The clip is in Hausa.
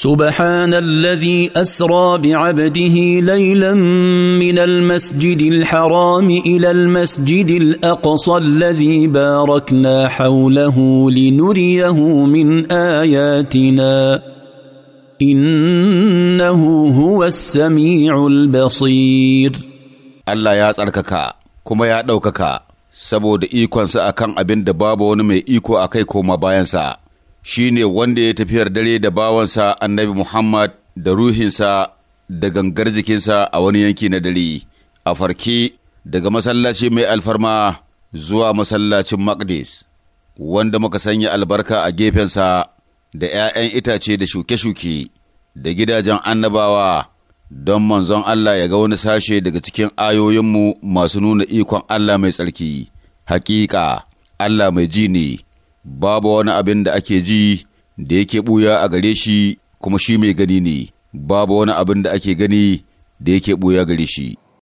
سبحان الذي اسرى بعبده ليلا من المسجد الحرام الى المسجد الاقصى الذي باركنا حوله لنريه من اياتنا انه هو السميع البصير الله يا تركك كما يا دوكك سبود إيكوان akan أبن da babu wani mai iko سأ shi ne wanda ya tafiyar dare da bawansa annabi Muhammad da ruhinsa da gangar jikinsa a wani yanki na dare, a farki daga masallaci mai alfarma zuwa masallacin Maqdis, wanda muka sanya albarka a gefensa da ’ya'yan itace da shuke-shuke da gidajen annabawa don manzon Allah ya ga wani sashe daga cikin ayoyinmu masu nuna ikon Allah mai tsarki, hakika Allah mai ji ne. babu wani abin da ake ji da yake ɓuya a gare shi kuma shi mai gani ne, babu wani abin da ake gani da yake ɓuya gare shi.